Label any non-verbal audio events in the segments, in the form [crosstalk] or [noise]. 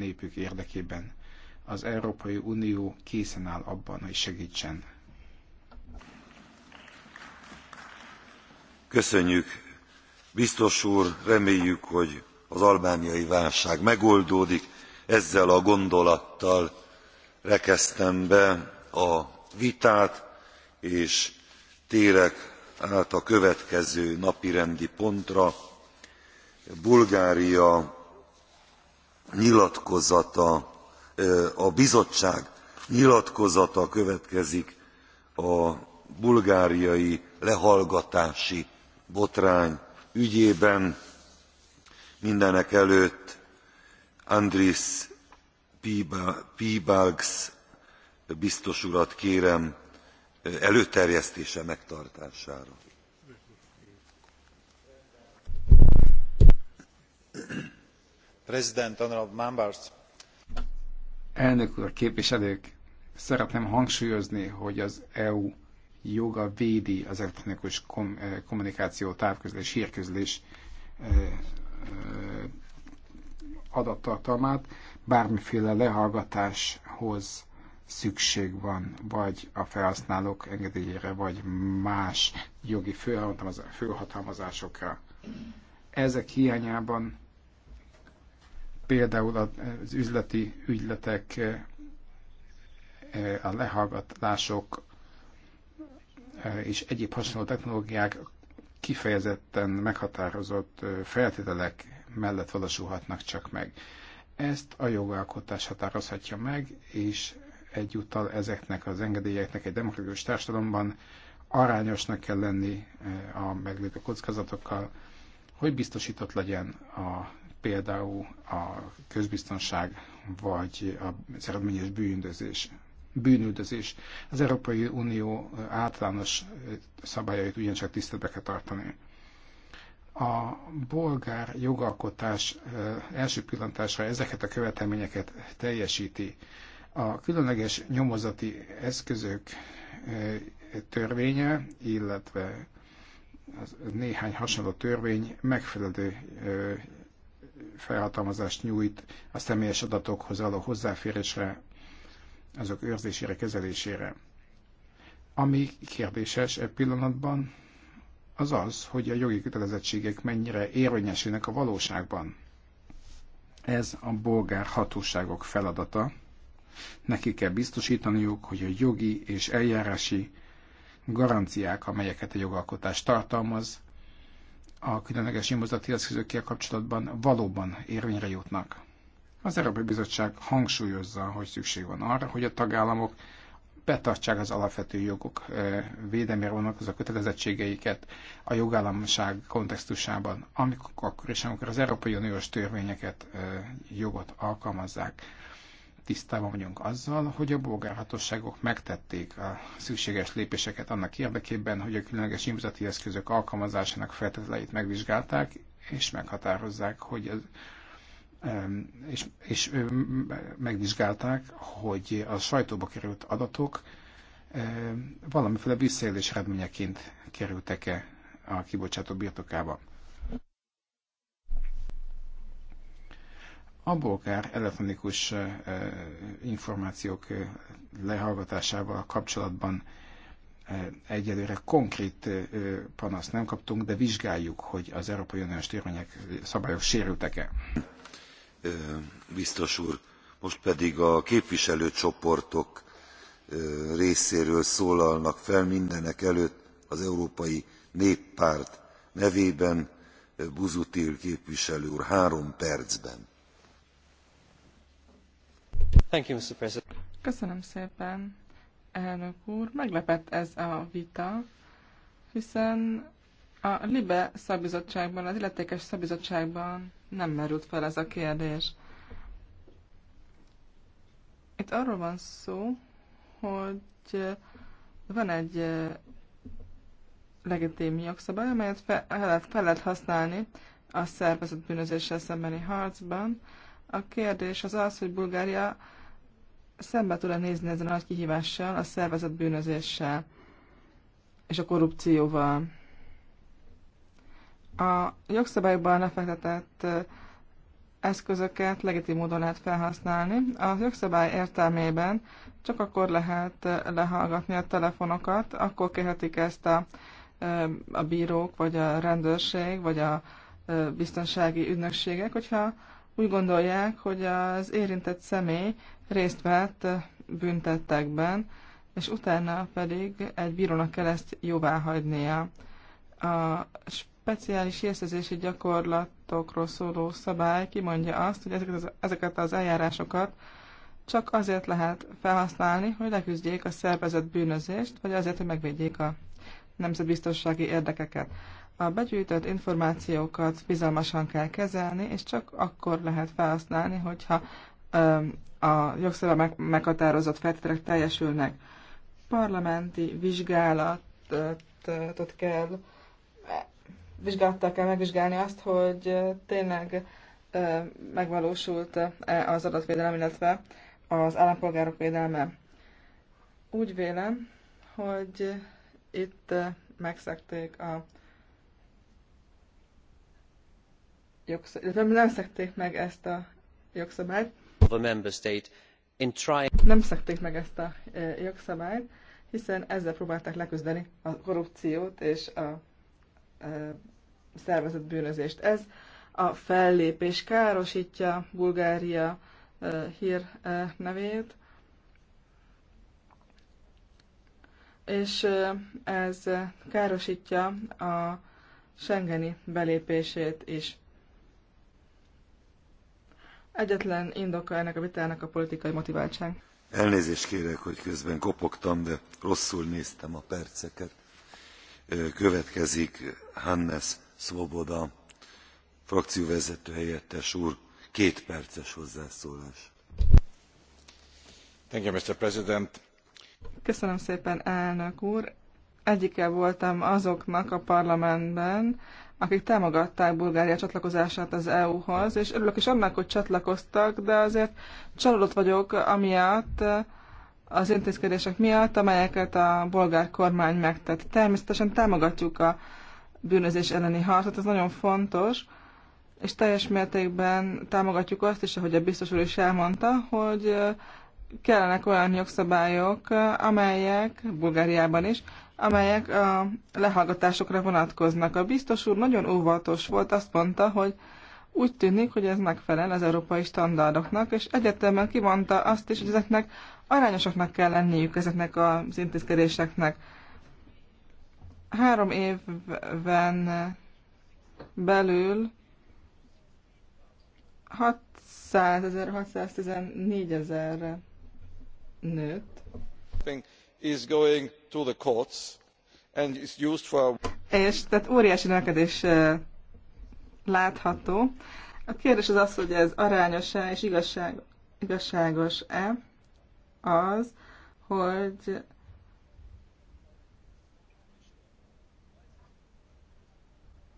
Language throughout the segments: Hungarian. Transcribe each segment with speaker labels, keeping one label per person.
Speaker 1: népük érdekében. Az Európai Unió készen áll abban, hogy segítsen.
Speaker 2: Köszönjük. Biztos úr, reméljük, hogy az albániai válság megoldódik. Ezzel a gondolattal rekeztem be a vitát, és térek át a következő napirendi pontra bulgária nyilatkozata, a bizottság nyilatkozata következik a bulgáriai lehallgatási botrány ügyében. mindenekelőtt andris piebalgs biztos urat kérem előterjesztése megtartására.
Speaker 1: Elnök úr, képviselők! Szeretném hangsúlyozni, hogy az EU joga védi az elektronikus kom eh, kommunikáció, távközlés, hírközlés eh, eh, adattartalmát. Bármiféle lehallgatáshoz szükség van, vagy a felhasználók engedélyére, vagy más jogi főhatalmazásokra. Ezek hiányában például az üzleti ügyletek, e, e, a lehallgatások e, és egyéb hasonló technológiák kifejezetten meghatározott feltételek mellett valósulhatnak csak meg. Ezt a jogalkotás határozhatja meg, és egyúttal ezeknek az engedélyeknek egy demokratikus társadalomban arányosnak kell lenni a meglévő kockázatokkal, hogy biztosított legyen a például a közbiztonság vagy az eredményes bűnözés. bűnüldözés. Az Európai Unió általános szabályait ugyancsak tiszteletbe kell tartani. A bolgár jogalkotás eh, első pillantásra ezeket a követelményeket teljesíti. A különleges nyomozati eszközök eh, törvénye, illetve néhány hasonló törvény megfelelő eh, felhatalmazást nyújt a személyes adatokhoz való hozzáférésre, azok őrzésére, kezelésére. Ami kérdéses e pillanatban, az az, hogy a jogi kötelezettségek mennyire érvényesülnek a valóságban. Ez a bolgár hatóságok feladata. Neki kell biztosítaniuk, hogy a jogi és eljárási garanciák, amelyeket a jogalkotás tartalmaz, a különleges nyomozati eszközökkel kapcsolatban valóban érvényre jutnak. Az Európai Bizottság hangsúlyozza, hogy szükség van arra, hogy a tagállamok betartsák az alapvető jogok védelmére vonatkozó kötelezettségeiket a jogállamiság kontextusában, amikor, akkor is, amikor az Európai Uniós törvényeket, jogot alkalmazzák tisztában vagyunk azzal, hogy a bolgárhatóságok megtették a szükséges lépéseket annak érdekében, hogy a különleges nyomozati eszközök alkalmazásának feltételeit megvizsgálták, és meghatározzák, hogy az, és, és megvizsgálták, hogy a sajtóba került adatok valamiféle visszaélés eredményeként kerültek-e a kibocsátó birtokába. a bolgár elektronikus információk lehallgatásával kapcsolatban egyelőre konkrét panaszt nem kaptunk, de vizsgáljuk, hogy az Európai Uniós törvények szabályok sérültek-e. Biztos
Speaker 2: úr, most pedig a képviselőcsoportok részéről szólalnak fel mindenek előtt az Európai Néppárt nevében Buzutil képviselő úr három percben.
Speaker 3: Köszönöm szépen, elnök úr. Meglepett ez a vita, hiszen a LIBE szabizottságban, az illetékes szabizottságban nem merült fel ez a kérdés. Itt arról van szó, hogy van egy eh, legitim jogszabály, amelyet fel, lehet használni a szervezett bűnözéssel szembeni harcban, a kérdés az az, hogy Bulgária szembe tud-e nézni ezen a nagy kihívással, a szervezett bűnözéssel és a korrupcióval. A jogszabályokban lefektetett eszközöket legitim módon lehet felhasználni. A jogszabály értelmében csak akkor lehet lehallgatni a telefonokat, akkor kérhetik ezt a, a bírók, vagy a rendőrség, vagy a biztonsági ügynökségek, hogyha úgy gondolják, hogy az érintett személy részt vett büntettekben, és utána pedig egy bírónak kell ezt jóvá hagynia. A speciális érzezési gyakorlatokról szóló szabály kimondja azt, hogy ezeket az, ezeket az eljárásokat csak azért lehet felhasználni, hogy leküzdjék a szervezett bűnözést, vagy azért, hogy megvédjék a nemzetbiztonsági érdekeket. A begyűjtött információkat bizalmasan kell kezelni, és csak akkor lehet felhasználni, hogyha a jogszabály meghatározott feltételek teljesülnek. Parlamenti vizsgálatot kell, vizsgálattal kell megvizsgálni azt, hogy tényleg megvalósult -e az adatvédelem, illetve az állampolgárok védelme. Úgy vélem, hogy itt megszekték a nem, nem szekték meg ezt a jogszabályt. Nem szekték meg ezt a e, jogszabályt, hiszen ezzel próbálták leküzdeni a korrupciót és a e, szervezett bűnözést. Ez a fellépés károsítja Bulgária e, hír nevét, és ez károsítja a Schengeni belépését is. Egyetlen indoka ennek a vitának a politikai motiváltság.
Speaker 2: Elnézést kérek, hogy közben kopogtam, de rosszul néztem a perceket. Következik Hannes Svoboda, frakcióvezető helyettes úr, két perces hozzászólás. Thank you, Mr. President.
Speaker 3: Köszönöm szépen, elnök úr. Egyike voltam azoknak a parlamentben, akik támogatták Bulgária csatlakozását az EU-hoz, és örülök is annak, hogy csatlakoztak, de azért csalódott vagyok amiatt, az intézkedések miatt, amelyeket a bolgár kormány megtett. Természetesen támogatjuk a bűnözés elleni harcot, ez nagyon fontos, és teljes mértékben támogatjuk azt is, ahogy a biztos úr is elmondta, hogy kellenek olyan jogszabályok, amelyek Bulgáriában is amelyek a lehallgatásokra vonatkoznak. A biztos úr nagyon óvatos volt, azt mondta, hogy úgy tűnik, hogy ez megfelel az európai standardoknak, és egyetemben kivonta azt is, hogy ezeknek arányosaknak kell lenniük ezeknek az intézkedéseknek. Három évben belül 600 ezer, 614 ezer nőtt
Speaker 1: is going to the courts and is used for...
Speaker 3: És tehát óriási növekedés látható. A kérdés az az, hogy ez arányos-e és igazság, igazságos-e az, hogy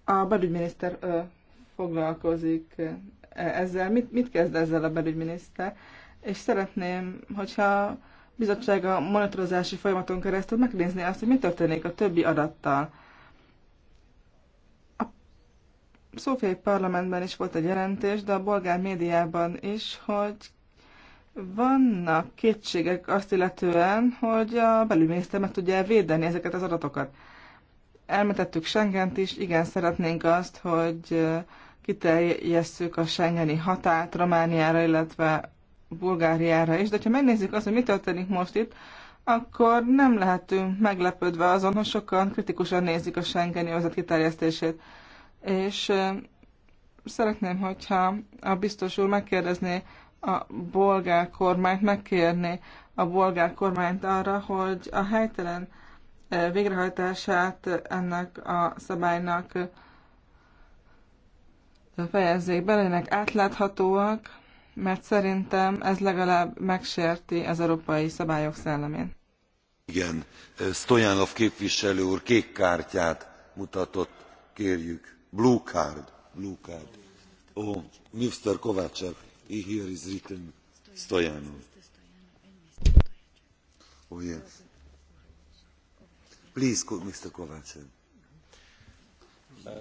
Speaker 3: a belügyminiszter ö, foglalkozik ezzel. Mit, mit kezd ezzel a belügyminiszter? És szeretném, hogyha bizottság a monitorozási folyamaton keresztül megnézni azt, hogy mi történik a többi adattal. A szófiai parlamentben is volt egy jelentés, de a bolgár médiában is, hogy vannak kétségek azt illetően, hogy a belügyminiszter meg tudja védeni ezeket az adatokat. Elmetettük Schengent is, igen, szeretnénk azt, hogy kiteljesszük a Schengeni határt Romániára, illetve Bulgáriára is, de ha megnézzük azt, hogy mi történik most itt, akkor nem lehetünk meglepődve azon, hogy sokan kritikusan nézik a Schengeni övezet kiterjesztését. És szeretném, hogyha a biztos úr megkérdezné a bolgár kormányt, megkérni a bolgár kormányt arra, hogy a helytelen végrehajtását ennek a szabálynak fejezzék be, legyenek átláthatóak, mert szerintem ez legalább megsérti az európai szabályok szellemét.
Speaker 2: Igen, Stojanov képviselő úr kék kártyát mutatott, kérjük. Blue card, blue card. Oh, Mr. Kovácsak, here is written Stojanov. Oh yes. Please, Mr. Kovácsak.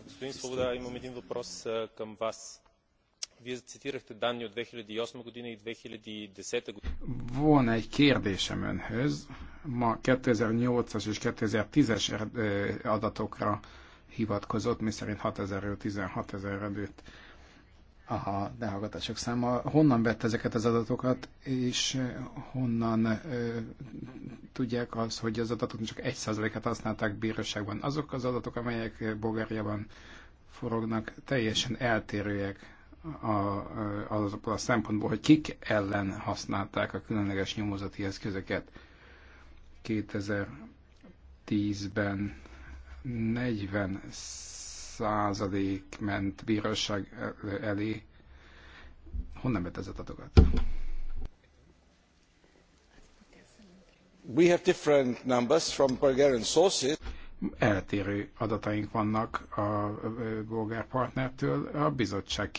Speaker 2: Господин Свобода, имам един въпрос към вас Вие цитирахте данни от 2008 година и 2010 година.
Speaker 1: Van egy kérdésem önhöz. Ma 2008-as és 2010-es eh, adatokra hivatkozott, miszerint 6000-ről 16000 előtt a lehallgatások száma. Honnan vett ezeket az adatokat, és eh, honnan ö, eh, tudják az, hogy az adatok csak 1%-át használták bíróságban? Azok az adatok, amelyek Bulgáriában forognak, teljesen eltérőek a, a, a szempontból, hogy kik ellen használták a különleges nyomozati eszközöket 2010-ben 40 százalék ment bíróság elé. Honnan vett ez a tatokat? We have different numbers from Bulgarian sources eltérő adataink vannak a bolgár partnertől. A bizottság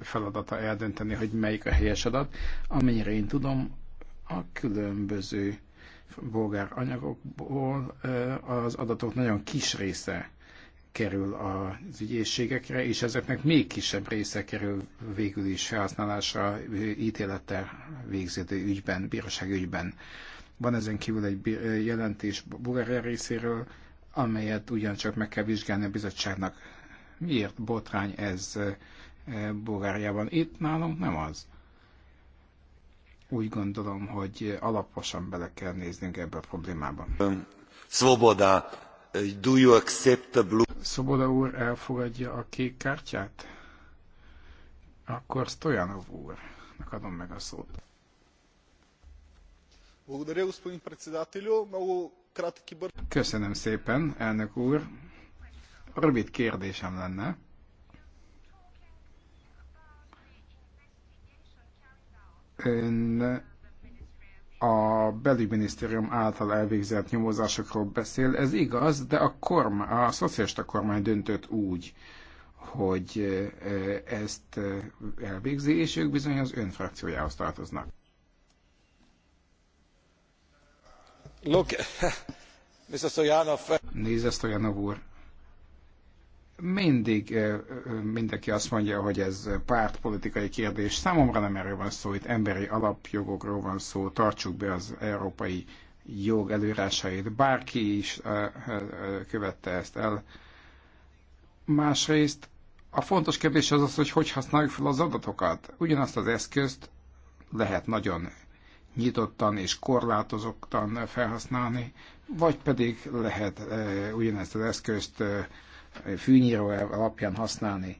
Speaker 1: feladata eldönteni, hogy melyik a helyes adat. Amennyire én tudom, a különböző bolgár anyagokból az adatok nagyon kis része kerül az ügyészségekre, és ezeknek még kisebb része kerül végül is felhasználásra ítélete végződő ügyben, bíróság ügyben. Van ezen kívül egy jelentés Bulgária részéről, amelyet ugyancsak meg kell vizsgálni a bizottságnak. Miért botrány ez eh, Bulgáriában? Itt nálunk nem az. Úgy gondolom, hogy alaposan bele kell néznünk ebbe a problémában. Svoboda, do you accept the blue... Szoboda úr elfogadja a kék kártyát? Akkor Stojanov úr. adom meg a szót. Благодаря, господин председателю. Много Köszönöm szépen, elnök úr. Rövid kérdésem lenne. Ön a belügyminisztérium által elvégzett nyomozásokról beszél, ez igaz, de a, korm, a szocialista kormány döntött úgy, hogy eh, ezt eh, elvégzi, és ők bizony az ön frakciójához tartoznak. [laughs] Stoyanov. Uh, Nézze, Stoyanov úr. Mindig uh, uh, mindenki azt mondja, hogy ez pártpolitikai kérdés. Számomra nem erről van szó, itt emberi alapjogokról van szó, tartsuk be az európai jog előírásait. Bárki is követte ezt el. Másrészt a fontos kérdés az az, hogy hogy használjuk fel az adatokat. Ugyanazt az eszközt lehet nagyon nyitottan és korlátozottan felhasználni, vagy pedig lehet e, ugyanezt az eszközt e, fűnyíró alapján használni.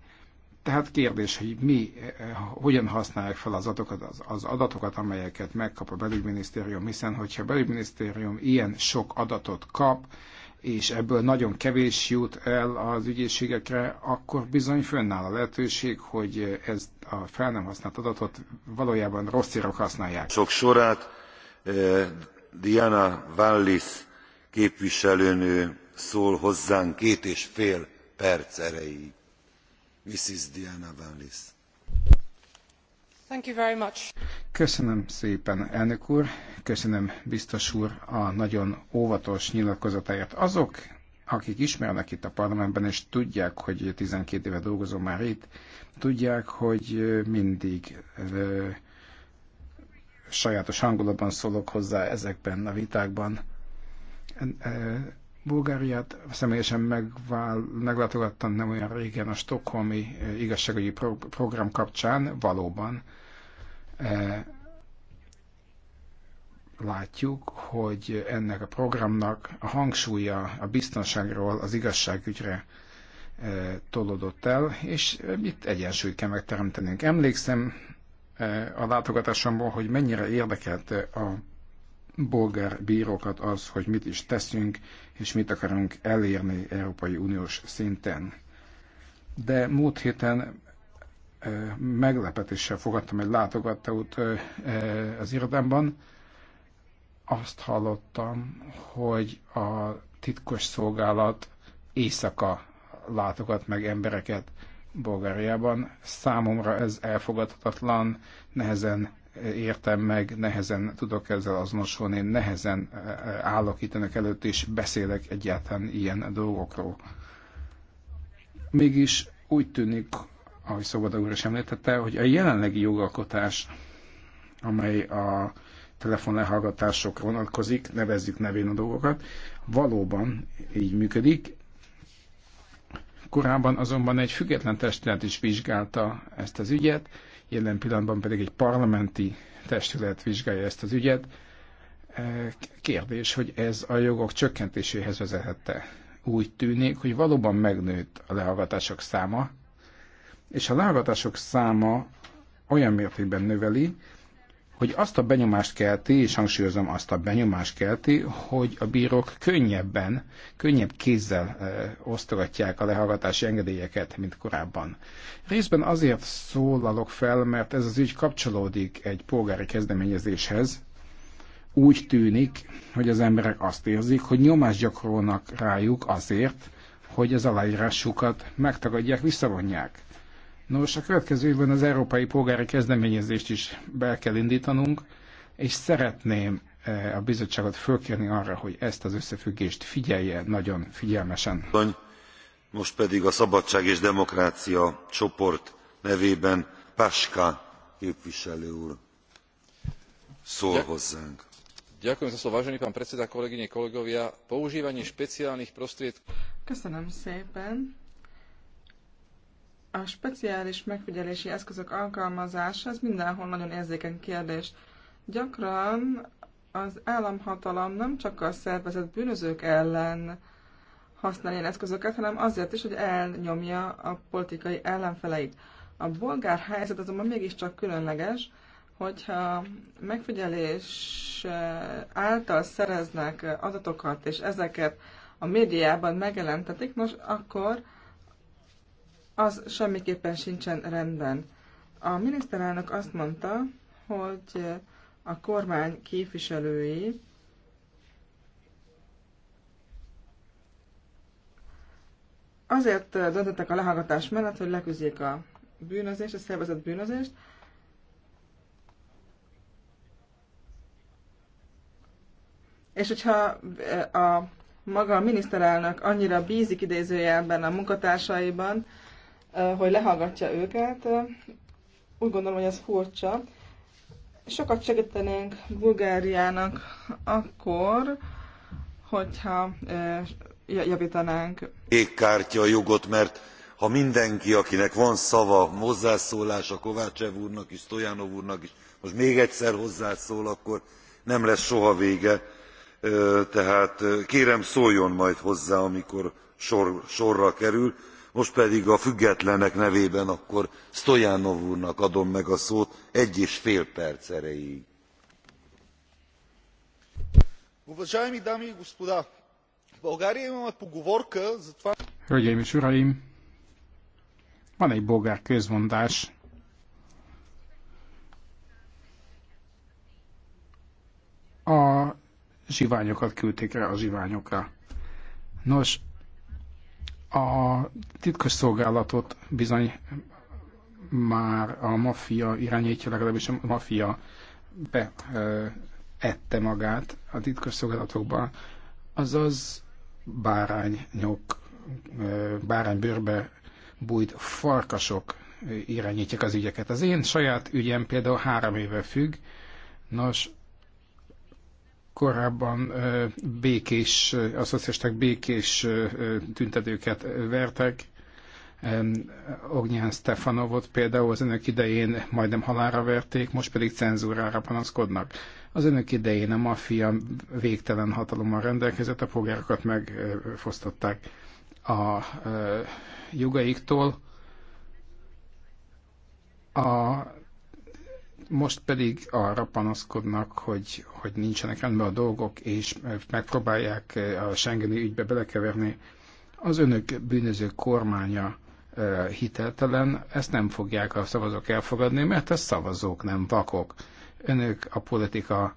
Speaker 1: Tehát kérdés, hogy mi e, hogyan használják fel az adatokat, az, az adatokat, amelyeket megkap a belügyminisztérium, hiszen hogyha a belügyminisztérium ilyen sok adatot kap, és ebből nagyon kevés jut el az ügyészségekre, akkor bizony fönnáll a lehetőség, hogy ez a fel nem használt adatot valójában rossz célok használják.
Speaker 2: Sok sorát eh, Diana Wallis képviselőnő szól hozzánk két és fél perc erejéig.
Speaker 1: Mrs. Diana Wallis. Köszönöm szépen, elnök úr, köszönöm biztos úr a nagyon óvatos nyilatkozatáját. Azok, akik ismernek itt a parlamentben, és tudják, hogy 12 éve dolgozom már itt, tudják, hogy mindig ö, sajátos hangulatban szólok hozzá ezekben a vitákban. Ö, Bulgáriát személyesen megvál, meglátogattam nem olyan régen a stokholmi eh, igazságügyi pro, program kapcsán, valóban e, látjuk, hogy ennek a programnak a hangsúlya a biztonságról az igazságügyre e, tolódott el, és itt egyensúlyt kell megteremtenünk. Emlékszem e, a látogatásomból, hogy mennyire érdekelt a bolgár bírókat az, hogy mit is teszünk, és mit akarunk elérni Európai Uniós szinten. De múlt héten meglepetéssel fogadtam egy látogatót az irodámban. Azt hallottam, hogy a titkos szolgálat éjszaka látogat meg embereket Bulgáriában. Számomra ez elfogadhatatlan, nehezen értem meg, nehezen tudok ezzel azonosulni, nehezen eh, eh, állok itt önök előtt, és beszélek egyáltalán ilyen dolgokról. Mégis úgy tűnik, ahogy Szabad úr is említette, hogy a jelenlegi jogalkotás, amely a telefonlehallgatásokra vonatkozik, nevezzük nevén a dolgokat, valóban így működik. Korábban azonban egy független testület is vizsgálta ezt az ügyet, jelen pillanatban pedig egy parlamenti testület vizsgálja ezt az ügyet. Kérdés, hogy ez a jogok csökkentéséhez vezethette. Úgy tűnik, hogy valóban megnőtt a lehallgatások száma, és a lehallgatások száma olyan mértékben növeli, hogy azt a benyomást kelti, és hangsúlyozom azt a benyomást kelti, hogy a bírók könnyebben, könnyebb kézzel osztogatják a lehallgatási engedélyeket, mint korábban. Részben azért szólalok fel, mert ez az ügy kapcsolódik egy polgári kezdeményezéshez, úgy tűnik, hogy az emberek azt érzik, hogy nyomást gyakorolnak rájuk azért, hogy az aláírásukat megtagadják, visszavonják. Nos, a következő évben az európai polgári kezdeményezést is be kell indítanunk, és szeretném eh, a bizottságot fölkérni arra, hogy ezt az összefüggést figyelje nagyon figyelmesen.
Speaker 2: Most pedig a Szabadság és Demokrácia csoport nevében Páska képviselő úr szól hozzánk.
Speaker 3: Köszönöm szépen. A speciális megfigyelési eszközök alkalmazása az mindenhol nagyon érzékeny kérdés. Gyakran az államhatalom nem csak a szervezett bűnözők ellen használ ilyen eszközöket, hanem azért is, hogy elnyomja a politikai ellenfeleit. A bolgár helyzet azonban mégiscsak különleges, hogyha megfigyelés által szereznek adatokat, és ezeket a médiában megjelentetik, nos, akkor az semmiképpen sincsen rendben. A miniszterelnök azt mondta, hogy a kormány képviselői azért döntöttek a lehallgatás mellett, hogy leküzdjék a bűnözést, a szervezett bűnözést, És hogyha eh, a maga a miniszterelnök annyira bízik idézőjelben a munkatársaiban, hogy lehallgatja őket. Úgy gondolom, hogy ez furcsa. Sokat segítenénk Bulgáriának akkor, hogyha javítanánk.
Speaker 2: a jogot, mert ha mindenki, akinek van szava, hozzászólása Kovácsev úrnak is, Stojanov úrnak is, most még egyszer hozzászól, akkor nem lesz soha vége. Tehát kérem szóljon majd hozzá, amikor sor, sorra kerül most pedig a függetlenek nevében akkor stoyanov úrnak adom meg a szót egy és fél perc erejéig.
Speaker 1: Hölgyeim és uraim! Van egy bolgár közmondás, a zsiványokat küldték rá a zsiványokra. Nos, a titkos szolgálatot bizony már a maffia irányítja, legalábbis a maffia beette magát a titkos szolgálatokba, azaz bárány báránybőrbe bújt farkasok irányítják az ügyeket. Az én saját ügyem például három éve függ, nos, korábban békés, a szocialisták békés tüntetőket vertek. Ognyán Stefanovot például az önök idején majdnem halára verték, most pedig cenzúrára panaszkodnak. Az önök idején a maffia végtelen hatalommal rendelkezett, a polgárokat megfosztották a jogaiktól. A most pedig arra panaszkodnak, hogy, hogy nincsenek rendben a dolgok, és megpróbálják eh, a Schengeni ügybe belekeverni. Az önök bűnöző kormánya eh, hiteltelen, ezt nem fogják a szavazók elfogadni, mert a szavazók nem vakok. Önök a politika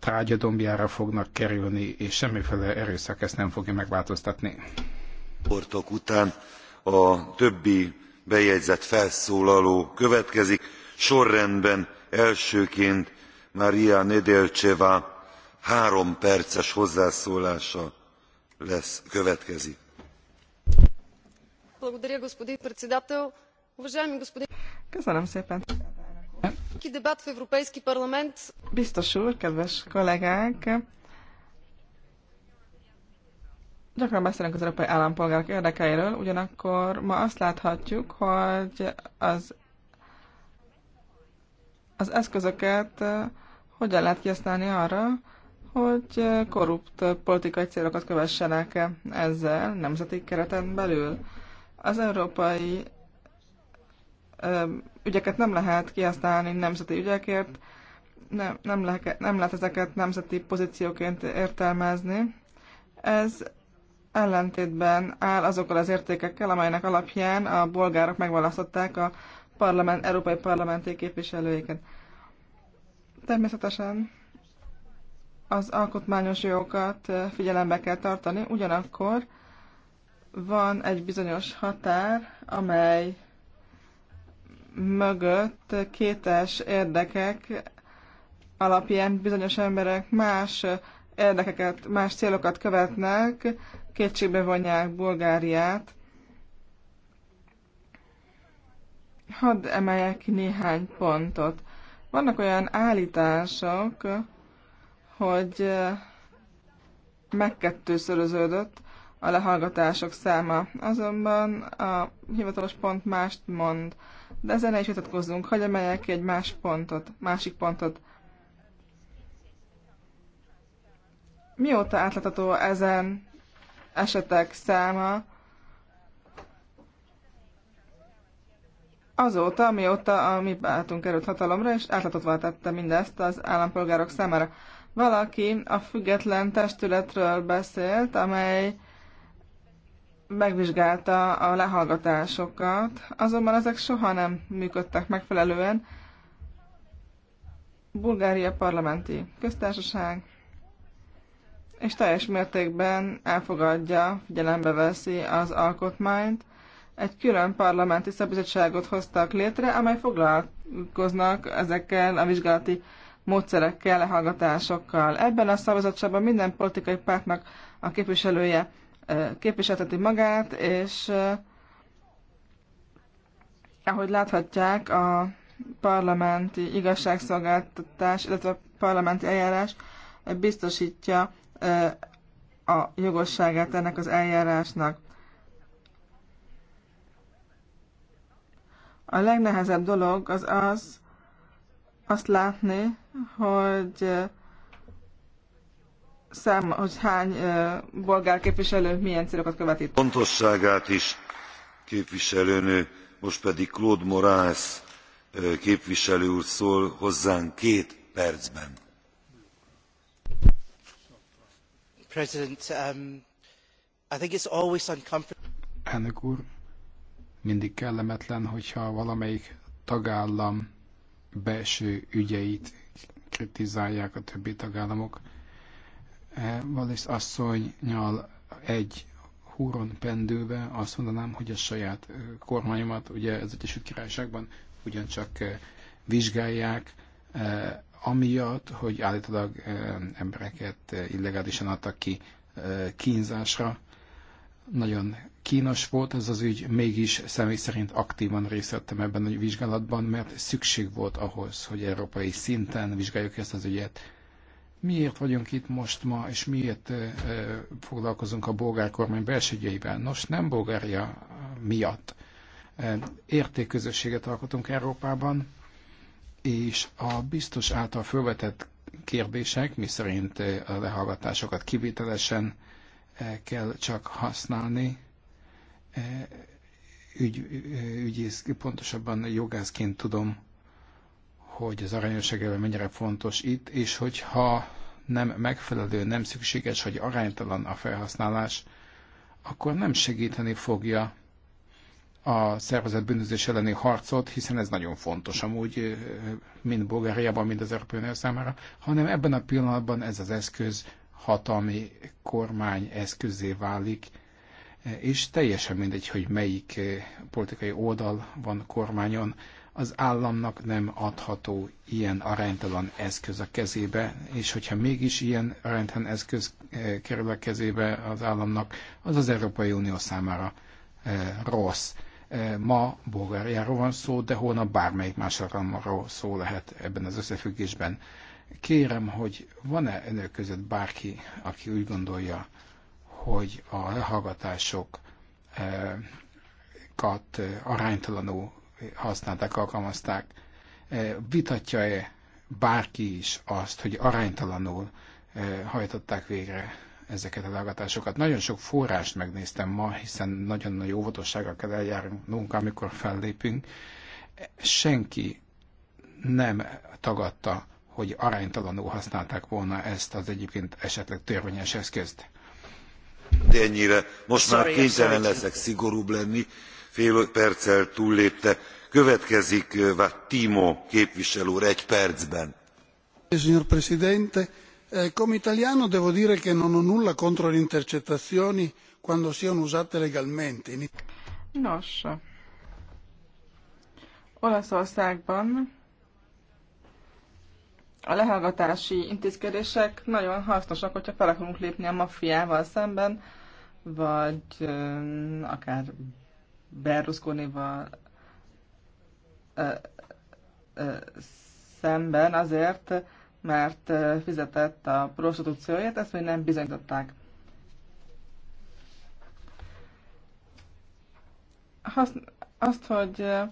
Speaker 1: trágyadombjára fognak kerülni, és semmiféle erőszak ezt nem fogja megváltoztatni.
Speaker 2: Portok után a többi bejegyzett felszólaló következik. Sorrendben elsőként maria nedelcseva három perces hozzászólása lesz, következik.
Speaker 3: Biztos úr, kedves kollégák! Gyakran beszélünk az európai állampolgárok érdekeiről, ugyanakkor ma azt láthatjuk, hogy az az eszközöket hogyan lehet kiasználni arra, hogy korrupt politikai célokat kövessenek -e ezzel nemzeti kereten belül. Az európai ügyeket nem lehet kihasználni nemzeti ügyekért, nem, nem, lehet, nem lehet ezeket nemzeti pozícióként értelmezni. Ez ellentétben áll azokkal az értékekkel, amelynek alapján a bolgárok megválasztották a parlament, európai parlamenti képviselőiket. Természetesen az alkotmányos jogokat figyelembe kell tartani, ugyanakkor van egy bizonyos határ, amely mögött kétes érdekek alapján bizonyos emberek más érdekeket, más célokat követnek, kétségbe vonják Bulgáriát hadd emeljek ki néhány pontot. Vannak olyan állítások, hogy megkettőszöröződött a lehallgatások száma. Azonban a hivatalos pont mást mond. De ezen ne is vitatkozzunk, hogy emeljek ki egy más pontot, másik pontot. Mióta átlátható ezen esetek száma, azóta, amióta a mi pártunk került hatalomra, és átláthatóvá tette mindezt az állampolgárok számára. Valaki a független testületről beszélt, amely megvizsgálta a lehallgatásokat, azonban ezek soha nem működtek megfelelően. Bulgária parlamenti köztársaság, és teljes mértékben elfogadja, figyelembe veszi az alkotmányt, egy külön parlamenti szabizottságot hoztak létre, amely foglalkoznak ezekkel a vizsgálati módszerekkel, lehallgatásokkal. Ebben a szabadságban minden politikai pártnak a képviselője képviselteti magát, és ahogy láthatják, a parlamenti igazságszolgáltatás, illetve a parlamenti eljárás biztosítja a jogosságát ennek az eljárásnak. A legnehezebb dolog az az, azt látni, hogy szám, hogy hány bolgár képviselő milyen célokat követi.
Speaker 2: Pontosságát is képviselőnő, most pedig Claude Moraes képviselő úr szól hozzánk két percben.
Speaker 3: President, um, I think it's always uncomfortable.
Speaker 1: Elnök úr, mindig kellemetlen, hogyha valamelyik tagállam belső ügyeit kritizálják a többi tagállamok. Valész e, asszonynyal egy húron pendülve azt mondanám, hogy a saját e, kormányomat, ugye az Egyesült Királyságban ugyancsak e, vizsgálják, amiatt, hogy állítólag embereket illegálisan adtak ki kínzásra. Nagyon kínos volt ez az ügy, mégis személy szerint aktívan részt vettem ebben a vizsgálatban, mert szükség volt ahhoz, hogy európai szinten vizsgáljuk ezt az ügyet. Miért vagyunk itt most ma, és miért foglalkozunk a bolgár kormány belsőgyeivel? Nos, nem Bulgária miatt. Értékközösséget alkotunk Európában, és a biztos által felvetett kérdések, miszerint a lehallgatásokat kivételesen kell csak használni, ügy, ügyész, pontosabban jogászként tudom, hogy az arányosság mennyire fontos itt, és hogyha nem megfelelő, nem szükséges, hogy aránytalan a felhasználás, akkor nem segíteni fogja a szervezet bűnözés elleni harcot, hiszen ez nagyon fontos amúgy mind Bulgáriában, mind az Európai Unió számára, hanem ebben a pillanatban ez az eszköz hatalmi kormány eszközé válik, és teljesen mindegy, hogy melyik eh, politikai oldal van kormányon, az államnak nem adható ilyen aránytalan eszköz a kezébe, és hogyha mégis ilyen aránytalan eszköz eh, kerül a kezébe az államnak, az az Európai Unió számára eh, rossz. Ma Bulgáriáról van szó, de holnap bármelyik más államról szó lehet ebben az összefüggésben. Kérem, hogy van-e önök között bárki, aki úgy gondolja, hogy a hallgatásokat eh, eh, aránytalanul használták, alkalmazták. Eh, vitatja-e bárki is azt, hogy aránytalanul hajtották végre ezeket a hallgatásokat? Nagyon sok forrást megnéztem ma, hiszen nagyon nagy óvatossággal kell eljárnunk, amikor fellépünk. Senki nem tagadta, hogy aránytalanul használták volna ezt az egyébként esetleg törvényes eszközt
Speaker 2: ennyire most már kénytelen leszek szigorúbb lenni fél perccel túllépte. következik vattimo képviselő úr egy percben. signor presidente come italiano devo dire che non ho nulla contro le intercettazioni
Speaker 1: quando siano usate legalmente. nos olaszországban a
Speaker 3: lehallgatási intézkedések nagyon hasznosak, hogyha fel akarunk lépni a maffiával szemben, vagy um, akár Berlusconival uh, uh, szemben azért, mert uh, fizetett a prostitúcióját, ezt még nem bizonyították. Hasz, azt, hogy uh,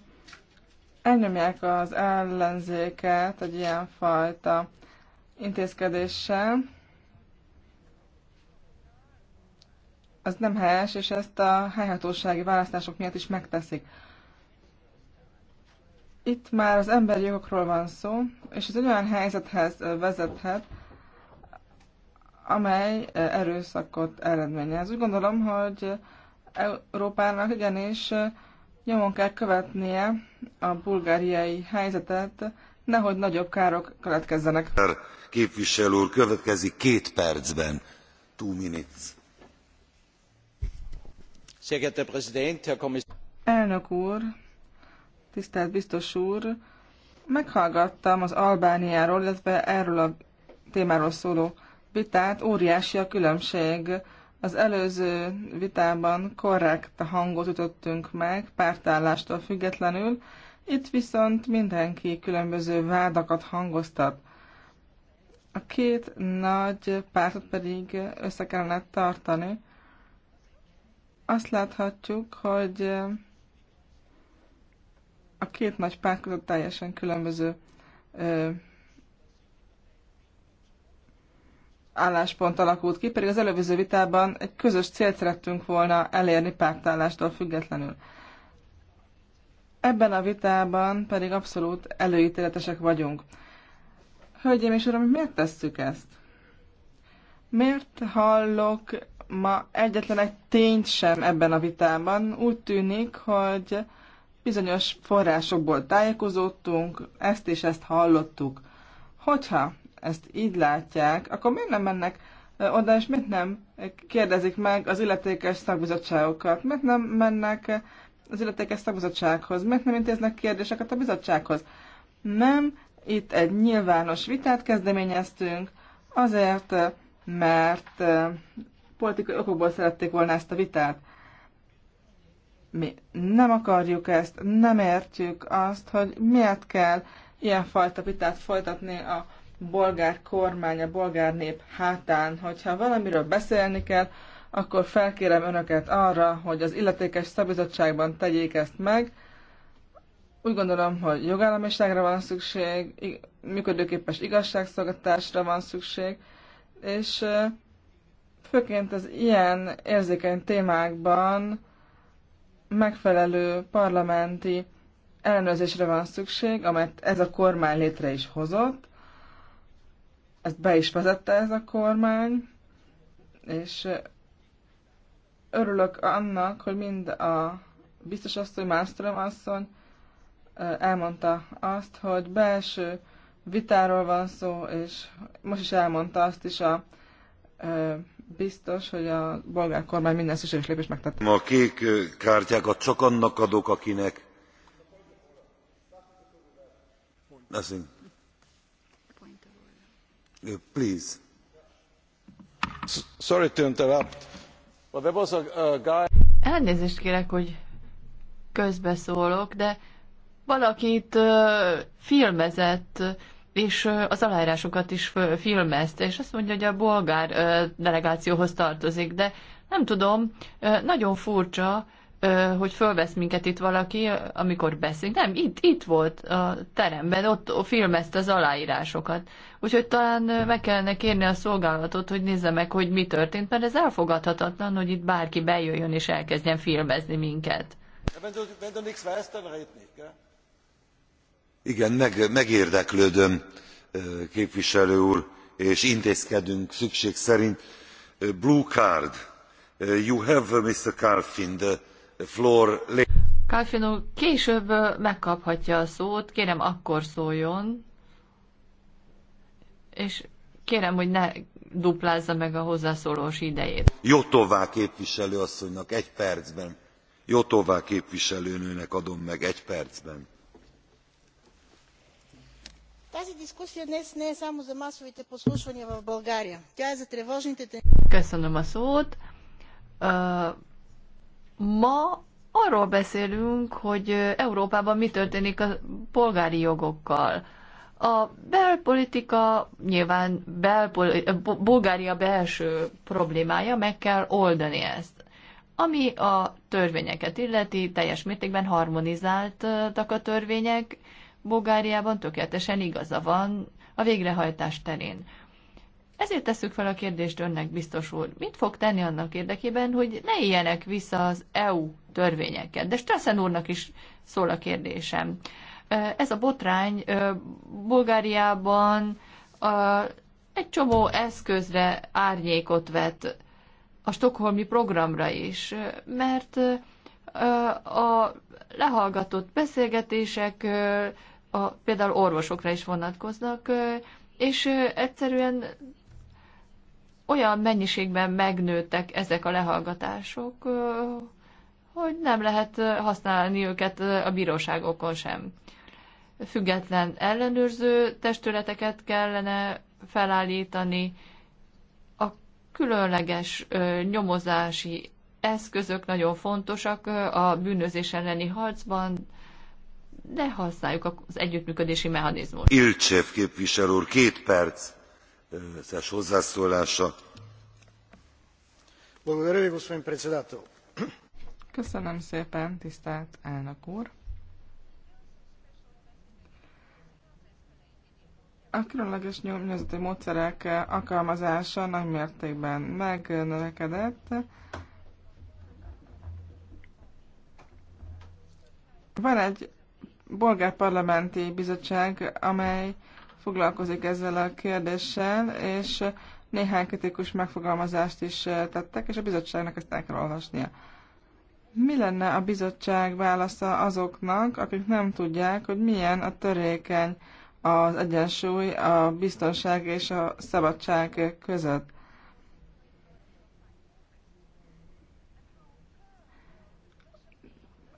Speaker 3: elnyomják az ellenzéket egy ilyen fajta intézkedéssel, az nem helyes, és ezt a helyhatósági választások miatt is megteszik. Itt már az emberi jogokról van szó, és ez egy olyan helyzethez vezethet, amely erőszakot eredményez. Úgy gondolom, hogy Európának igenis Nyomon kell követnie a bulgáriai helyzetet, nehogy nagyobb károk keletkezzenek.
Speaker 2: Képviselő úr, következik két percben. Two minutes.
Speaker 3: Elnök úr, tisztelt biztos úr, meghallgattam az Albániáról, illetve erről a témáról szóló vitát, óriási a különbség az előző vitában korrekt hangot ütöttünk meg, pártállástól függetlenül, itt viszont mindenki különböző vádakat hangoztat. A két nagy pártot pedig össze kellene tartani. Azt láthatjuk, hogy a két nagy párt között teljesen különböző álláspont alakult ki, pedig az előző vitában egy közös célt szerettünk volna elérni pártállástól függetlenül. Ebben a vitában pedig abszolút előítéletesek vagyunk. Hölgyeim és uram, miért tesszük ezt? Miért hallok ma egyetlen egy tényt sem ebben a vitában? Úgy tűnik, hogy bizonyos forrásokból tájékozódtunk, ezt és ezt hallottuk. Hogyha ezt így látják, akkor miért nem mennek oda, és miért nem kérdezik meg az illetékes szakbizottságokat? Miért nem mennek az illetékes szakbizottsághoz? Miért nem intéznek kérdéseket a bizottsághoz? Nem, itt egy nyilvános vitát kezdeményeztünk, azért, mert politikai okokból szerették volna ezt a vitát. Mi nem akarjuk ezt, nem értjük azt, hogy miért kell ilyenfajta vitát folytatni a bolgár kormány, a bolgár nép hátán. Hogyha valamiről beszélni kell, akkor felkérem önöket arra, hogy az illetékes szabizottságban tegyék ezt meg. Úgy gondolom, hogy jogállamiságra van szükség, működőképes igazságszolgatásra van szükség, és főként az ilyen érzékeny témákban megfelelő parlamenti ellenőrzésre van szükség, amelyet ez a kormány létre is hozott, ezt be is vezette ez a kormány, és örülök annak, hogy mind a biztos asszony, Mástrom asszony elmondta azt, hogy belső vitáról van szó, és most is elmondta azt is a biztos, hogy a bolgár kormány minden szükséges lépést megtette.
Speaker 2: Ma a kék kártyákat csak annak adok, akinek... Leszünk. Uh,
Speaker 4: Elnézést kérek, hogy közbeszólok, de valakit filmezett, és az aláírásokat is filmezte, és azt mondja, hogy a bolgár delegációhoz tartozik, de nem tudom, nagyon furcsa, hogy fölvesz minket itt valaki, amikor beszélünk. Nem, itt, itt volt a teremben, ott filmezte az aláírásokat. Úgyhogy talán meg kellene kérni a szolgálatot, hogy nézze meg, hogy mi történt, mert ez elfogadhatatlan, hogy itt bárki bejöjjön és elkezdjen filmezni minket.
Speaker 2: Igen, meg, megérdeklődöm, képviselő úr, és intézkedünk szükség szerint. Blue card. You have, Mr. Carfin, the floor
Speaker 4: később megkaphatja a szót, kérem akkor szóljon, és kérem, hogy ne duplázza meg a hozzászólós idejét.
Speaker 2: Jotová képviselő asszonynak egy percben. Jotová képviselőnőnek adom meg egy percben.
Speaker 4: Köszönöm a szót. Ma arról beszélünk, hogy Európában mi történik a polgári jogokkal. A belpolitika nyilván belpoli, eh, Bulgária belső problémája, meg kell oldani ezt. Ami a törvényeket illeti, teljes mértékben harmonizáltak a törvények, Bulgáriában tökéletesen igaza van a végrehajtás terén. Ezért tesszük fel a kérdést önnek, biztos úr. Mit fog tenni annak érdekében, hogy ne éljenek vissza az EU törvényeket? De Strassen úrnak is szól a kérdésem. Ez a botrány Bulgáriában egy csomó eszközre árnyékot vet a stokholmi programra is, mert a lehallgatott beszélgetések a, például orvosokra is vonatkoznak, és egyszerűen olyan mennyiségben megnőttek ezek a lehallgatások, hogy nem lehet használni őket a bíróságokon sem. Független ellenőrző testületeket kellene felállítani, a különleges nyomozási eszközök nagyon fontosak a bűnözés elleni harcban, de használjuk az együttműködési mechanizmust.
Speaker 2: Ilcsev képviselő úr, két perc hozzászólása.
Speaker 3: Köszönöm szépen, tisztelt elnök úr! A különleges nyomozati módszerek alkalmazása nagy mértékben megnövekedett. Van egy bolgár parlamenti bizottság, amely foglalkozik ezzel a kérdéssel, és néhány kritikus megfogalmazást is eh, tettek, és a bizottságnak ezt el kell olvasnia. Mi lenne a bizottság válasza azoknak, akik nem tudják, hogy milyen a törékeny az egyensúly a biztonság és a szabadság között?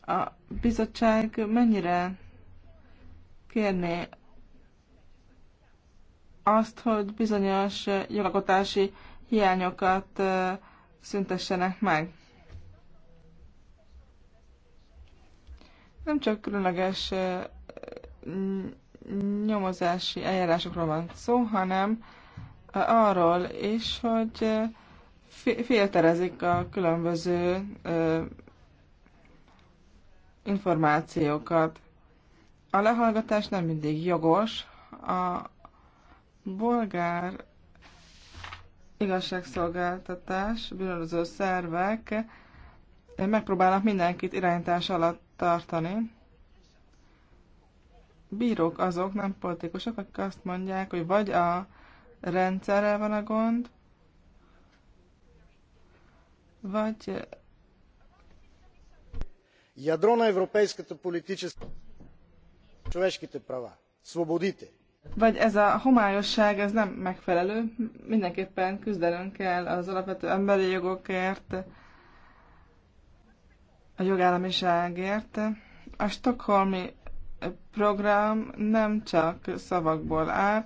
Speaker 3: A bizottság mennyire kérné azt, hogy bizonyos jogalkotási hiányokat szüntessenek meg. Nem csak különleges nyomozási eljárásokról van szó, hanem arról is, hogy filterezik a különböző információkat. A lehallgatás nem mindig jogos, a bolgár igazságszolgáltatás, bűnöző szervek eh, megpróbálnak mindenkit irányítás alatt tartani. Bírók azok, nem politikusok, akik azt mondják, hogy vagy a rendszerrel van a gond, vagy
Speaker 1: ядро на европейската политическа човешките права, свободите,
Speaker 3: vagy ez a homályosság, ez nem megfelelő. Mindenképpen küzdenünk kell az alapvető emberi jogokért, a jogállamiságért. A stokholmi program nem csak szavakból áll,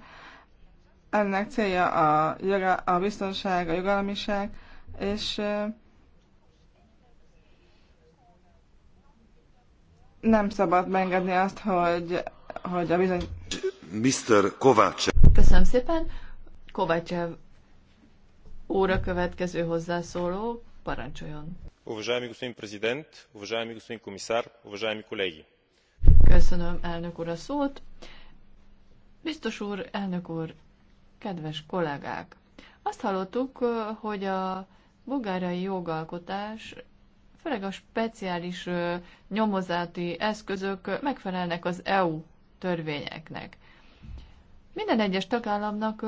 Speaker 3: ennek célja a, joga, a biztonság, a jogállamiság, és nem szabad megengedni azt, hogy, hogy a bizony... Köszönöm szépen.
Speaker 4: Kovácsev óra következő hozzászóló, parancsoljon.
Speaker 2: Уважаеми господин президент, уважаеми господин комисар, уважаеми колеги.
Speaker 4: Köszönöm elnök úr a szót. Biztos úr, elnök úr, kedves kollégák! Azt hallottuk, hogy a bulgárai jogalkotás, főleg a speciális nyomozati eszközök megfelelnek az EU törvényeknek. Minden egyes tagállamnak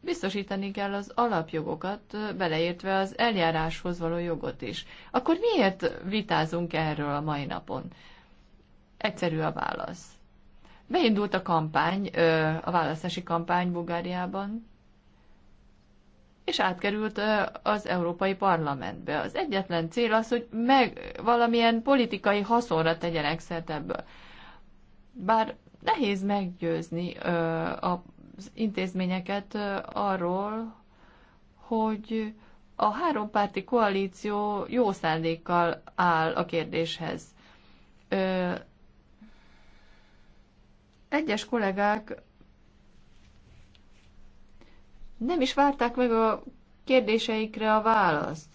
Speaker 4: biztosítani kell az alapjogokat, beleértve az eljáráshoz való jogot is. Akkor miért vitázunk erről a mai napon? Egyszerű a válasz. Beindult a kampány, a választási kampány Bulgáriában, és átkerült az Európai Parlamentbe. Az egyetlen cél az, hogy meg valamilyen politikai haszonra tegyenek szert ebből. Bár nehéz meggyőzni az intézményeket arról, hogy a hárompárti koalíció jó szándékkal áll a kérdéshez. Egyes kollégák nem is várták meg a kérdéseikre a választ.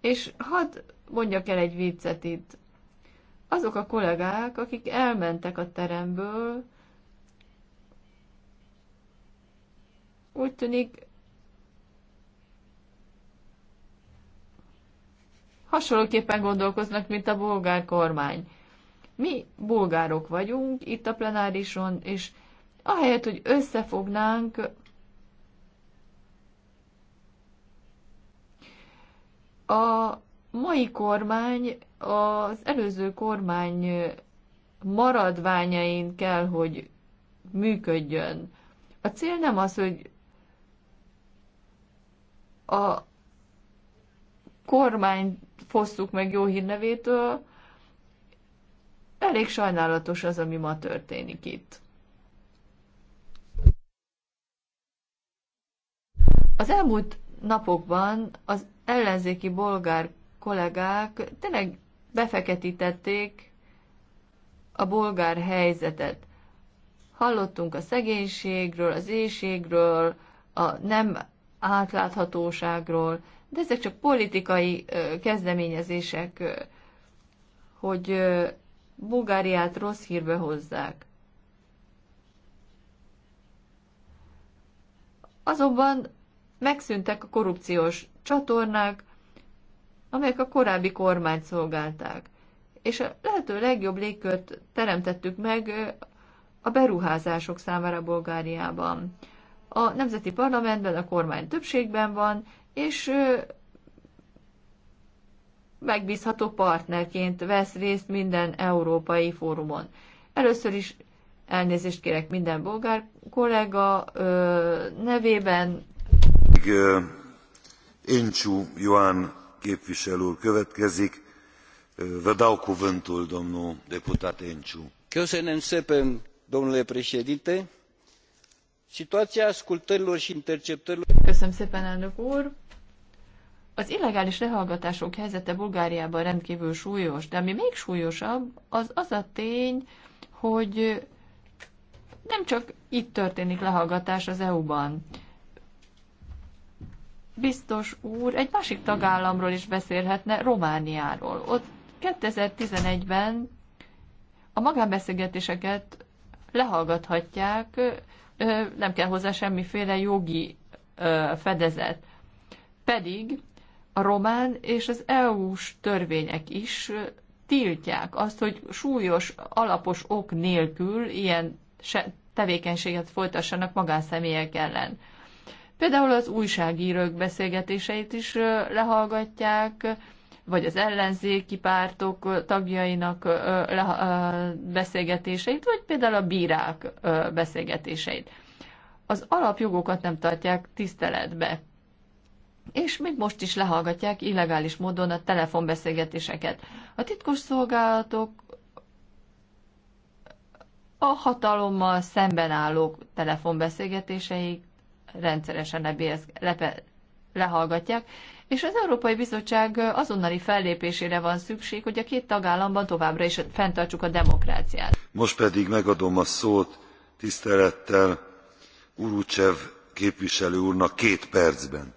Speaker 4: És hadd mondjak el egy viccet itt azok a kollégák, akik elmentek a teremből, úgy tűnik hasonlóképpen gondolkoznak, mint a bulgár kormány. Mi bulgárok vagyunk itt a plenárison, és ahelyett, hogy összefognánk, a mai kormány az előző kormány maradványain kell, hogy működjön. A cél nem az, hogy a kormány fosszuk meg jó hírnevétől, elég sajnálatos az, ami ma történik itt. Az elmúlt napokban az ellenzéki bolgár kollégák tényleg befeketítették a bolgár helyzetet. Hallottunk a szegénységről, az éjségről, a nem átláthatóságról, de ezek csak politikai kezdeményezések, hogy Bulgáriát rossz hírbe hozzák. Azonban megszűntek a korrupciós csatornák, amelyek a korábbi kormányt szolgálták. És a lehető legjobb légkört teremtettük meg a beruházások számára Bulgáriában. A Nemzeti Parlamentben a kormány többségben van, és megbízható partnerként vesz részt minden európai fórumon. Először is elnézést kérek minden bolgár kollega ö, nevében.
Speaker 2: Incsú Joán képviselő úr következik. Vă cuvântul, domnul deputat Enciu.
Speaker 1: Situația ascultărilor și interceptărilor...
Speaker 4: Az illegális lehallgatások helyzete Bulgáriában rendkívül súlyos, de ami még súlyosabb, az az a tény, hogy nem csak itt történik lehallgatás az EU-ban biztos úr egy másik tagállamról is beszélhetne, Romániáról. Ott 2011-ben a magánbeszélgetéseket lehallgathatják, nem kell hozzá semmiféle jogi fedezet. Pedig a román és az EU-s törvények is tiltják azt, hogy súlyos, alapos ok nélkül ilyen tevékenységet folytassanak magánszemélyek ellen. Például az újságírók beszélgetéseit is lehallgatják, vagy az ellenzéki pártok tagjainak beszélgetéseit, vagy például a bírák beszélgetéseit. Az alapjogokat nem tartják tiszteletbe. És még most is lehallgatják illegális módon a telefonbeszélgetéseket. A titkos szolgálatok a hatalommal szemben állók telefonbeszélgetéseik rendszeresen lebéz, lepe, lehallgatják, és az Európai Bizottság azonnali fellépésére van szükség, hogy a két tagállamban továbbra is fenntartsuk a demokráciát.
Speaker 2: Most pedig megadom a szót tisztelettel Urucsev képviselő úrnak két percben.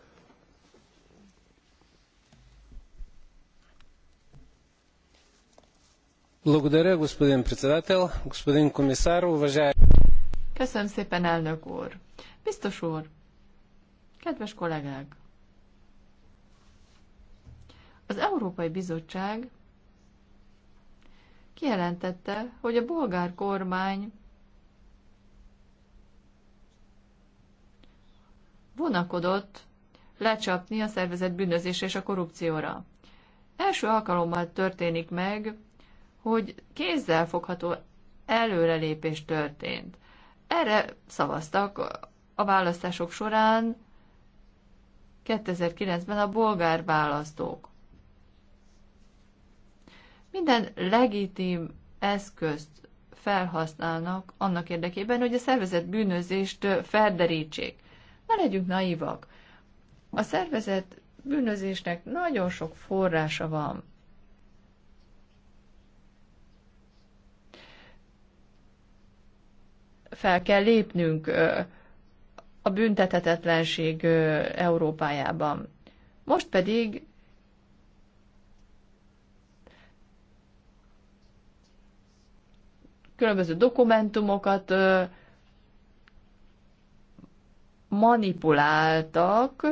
Speaker 4: Köszönöm szépen, elnök úr! Biztos úr, kedves kollégák, az Európai Bizottság kijelentette, hogy a bolgár kormány vonakodott lecsapni a szervezet bűnözés és a korrupcióra. Első alkalommal történik meg, hogy fogható előrelépés történt. Erre szavaztak a választások során 2009-ben a bolgár választók. Minden legitim eszközt felhasználnak annak érdekében, hogy a szervezet bűnözést felderítsék. Ne legyünk naivak. A szervezet bűnözésnek nagyon sok forrása van. Fel kell lépnünk a büntethetetlenség Európájában. Most pedig különböző dokumentumokat manipuláltak,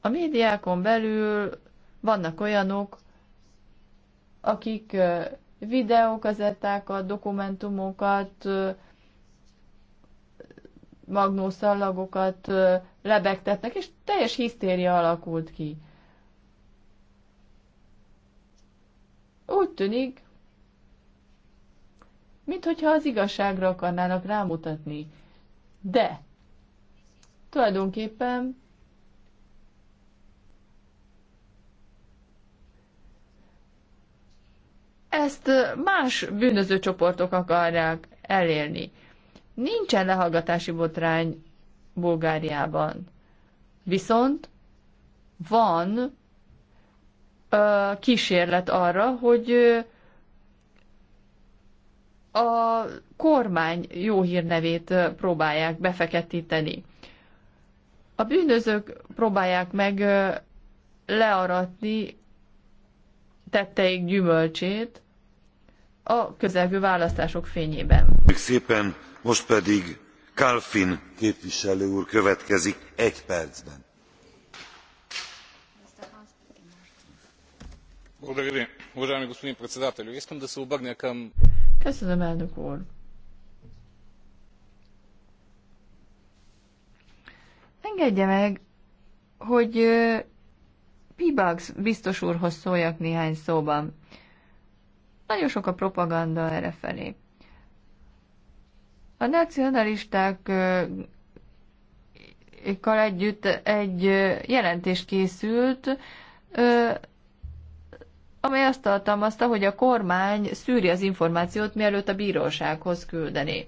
Speaker 4: a médiákon belül vannak olyanok, akik videókazettákat, dokumentumokat, magnószallagokat lebegtetnek, és teljes hisztéria alakult ki. Úgy tűnik, minthogyha az igazságra akarnának rámutatni. De tulajdonképpen ezt más bűnöző csoportok akarják elérni. Nincsen lehallgatási botrány Bulgáriában. Viszont van ö, kísérlet arra, hogy ö, a kormány jó hírnevét próbálják befeketíteni. A bűnözők próbálják meg learatni tetteik gyümölcsét a közelgő választások fényében.
Speaker 2: Szépen, most pedig Kalfin képviselő úr következik egy percben.
Speaker 4: Köszönöm, elnök úr. Engedje meg, hogy Pibax biztos úrhoz szóljak néhány szóban. Nagyon sok a propaganda erre felé. A nacionalistákkal együtt egy jelentés készült, amely azt tartalmazta, hogy a kormány szűri az információt, mielőtt a bírósághoz küldeni.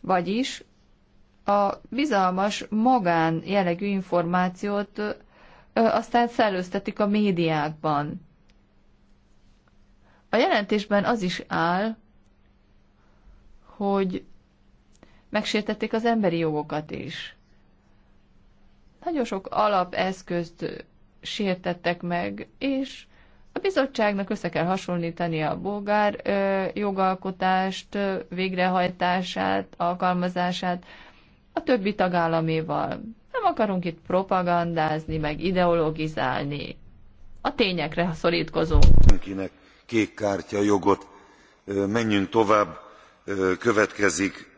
Speaker 4: Vagyis a bizalmas magán jellegű információt aztán szellőztetik a médiákban. A jelentésben az is áll, hogy megsértették az emberi jogokat is. Nagyon sok alapeszközt sértettek meg, és a bizottságnak össze kell hasonlítani a bolgár jogalkotást, végrehajtását, alkalmazását a többi tagállaméval akarunk itt propagandázni, meg ideologizálni. A tényekre szorítkozunk.
Speaker 2: Mindenkinek kék kártya jogot. Menjünk tovább. Következik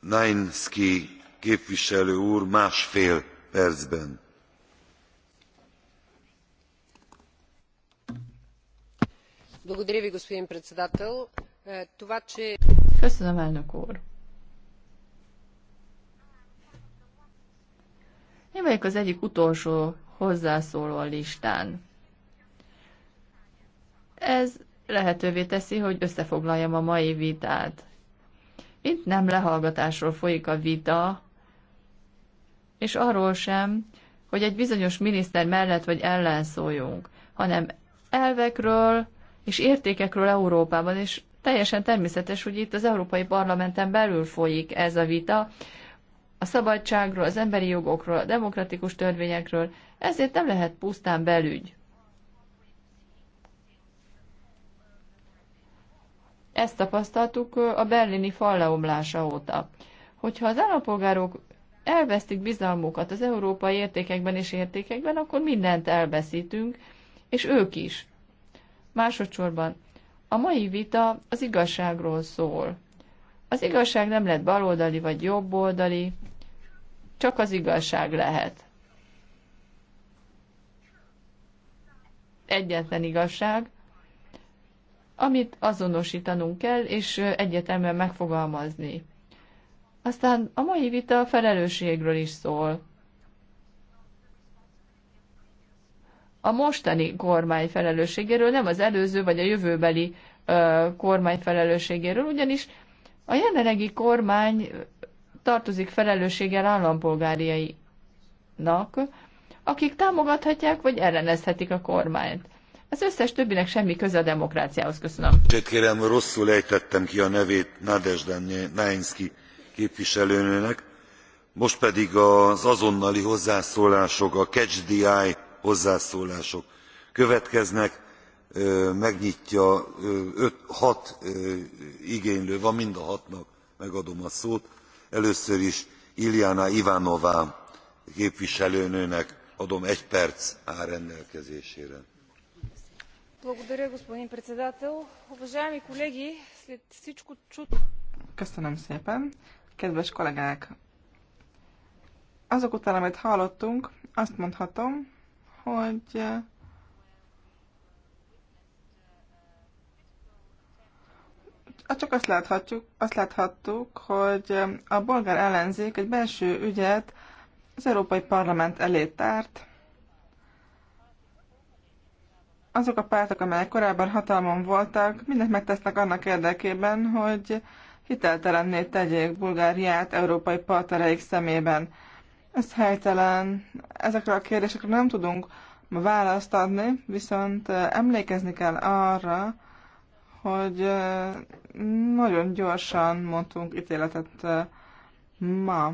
Speaker 2: Nainski képviselő úr másfél percben.
Speaker 4: Köszönöm, elnök úr! Én vagyok az egyik utolsó hozzászóló a listán. Ez lehetővé teszi, hogy összefoglaljam a mai vitát. Itt nem lehallgatásról folyik a vita, és arról sem, hogy egy bizonyos miniszter mellett vagy ellen szóljunk, hanem elvekről és értékekről Európában, és teljesen természetes, hogy itt az Európai Parlamenten belül folyik ez a vita, a szabadságról, az emberi jogokról, a demokratikus törvényekről, ezért nem lehet pusztán belügy. Ezt tapasztaltuk a berlini fal leomlása óta. Hogyha az állampolgárok elvesztik bizalmukat az európai értékekben és értékekben, akkor mindent elveszítünk, és ők is. Másodszorban, a mai vita az igazságról szól. Az igazság nem lett baloldali vagy jobboldali, csak az igazság lehet. Egyetlen igazság, amit azonosítanunk kell, és egyetemben megfogalmazni. Aztán a mai vita a felelősségről is szól. A mostani kormány felelősségéről, nem az előző vagy a jövőbeli ö, kormány felelősségéről, ugyanis a jelenlegi kormány tartozik felelősséggel állampolgáriainak, akik támogathatják vagy ellenezhetik a kormányt. Az összes többinek semmi köze a demokráciához. Köszönöm.
Speaker 2: Kérem, rosszul ejtettem ki a nevét Nadezhdan Nainski képviselőnőnek. Most pedig az azonnali hozzászólások, a catch the eye hozzászólások következnek. Megnyitja öt, hat igénylő van, mind a hatnak megadom a szót először is iljana ivanová képviselőnőnek adom egy perc áll rendelkezésére.
Speaker 3: Köszönöm szépen. Kedves kollégák! Azok után, amit hallottunk, azt mondhatom, hogy Hát csak azt, láthatjuk, azt láthattuk, hogy a bolgár ellenzék egy belső ügyet az Európai Parlament elé tárt. Azok a pártok, amelyek korábban hatalmon voltak, mindent megtesznek annak érdekében, hogy hiteltelenné tegyék Bulgáriát európai partnereik szemében. Ez helytelen. Ezekre a kérdésekre nem tudunk választ adni, viszont emlékezni kell arra, hogy nagyon gyorsan mondtunk ítéletet ma.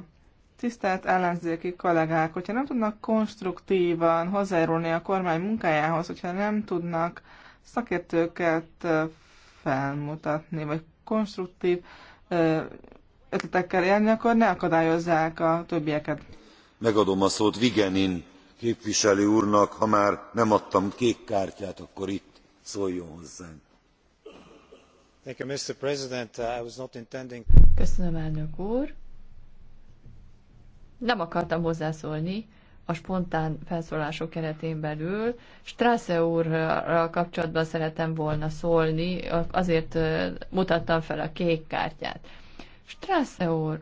Speaker 3: Tisztelt ellenzéki kollégák, hogyha nem tudnak konstruktívan hozzájárulni a kormány munkájához, hogyha nem tudnak szakértőket felmutatni, vagy konstruktív ötletekkel élni, akkor ne akadályozzák a többieket.
Speaker 2: Megadom a szót Vigenin képviselő úrnak, ha már nem adtam kék kártyát, akkor itt szóljon hozzánk.
Speaker 1: Uh,
Speaker 4: Köszönöm, elnök úr. Nem akartam hozzászólni a spontán felszólások keretén belül. Strasse úrral kapcsolatban szeretem volna szólni, azért uh, mutattam fel a kék kártyát. Strasse úr,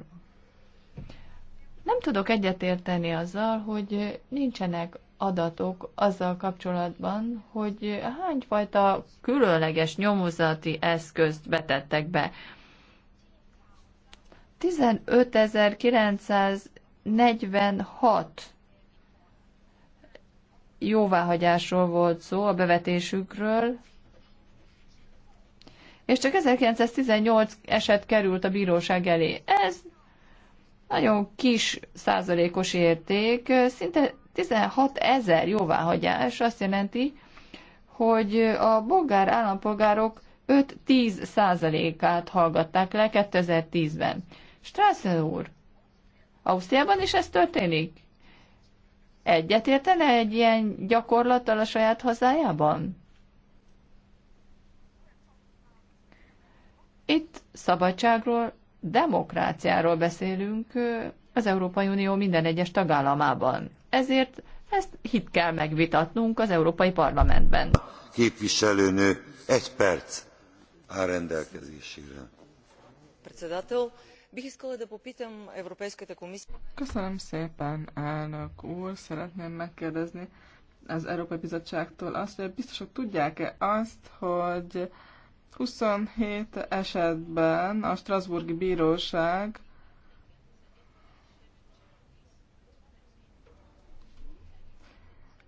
Speaker 4: nem tudok egyetérteni azzal, hogy nincsenek adatok azzal kapcsolatban, hogy hányfajta különleges nyomozati eszközt betettek be. 15.946 jóváhagyásról volt szó a bevetésükről, és csak 1918 eset került a bíróság elé. Ez nagyon kis százalékos érték, szinte 16 ezer jóváhagyás azt jelenti, hogy a bolgár állampolgárok 5-10 százalékát hallgatták le 2010-ben. Strasser úr, Ausztriában is ez történik? Egyetértene egy ilyen gyakorlattal a saját hazájában? Itt szabadságról, demokráciáról beszélünk az Európai Unió minden egyes tagállamában ezért ezt hit kell megvitatnunk az Európai Parlamentben.
Speaker 2: Képviselőnő, egy perc áll rendelkezésére.
Speaker 3: Köszönöm szépen, elnök úr. Szeretném megkérdezni az Európai Bizottságtól azt, hogy biztosok tudják-e azt, hogy 27 esetben a Strasburgi Bíróság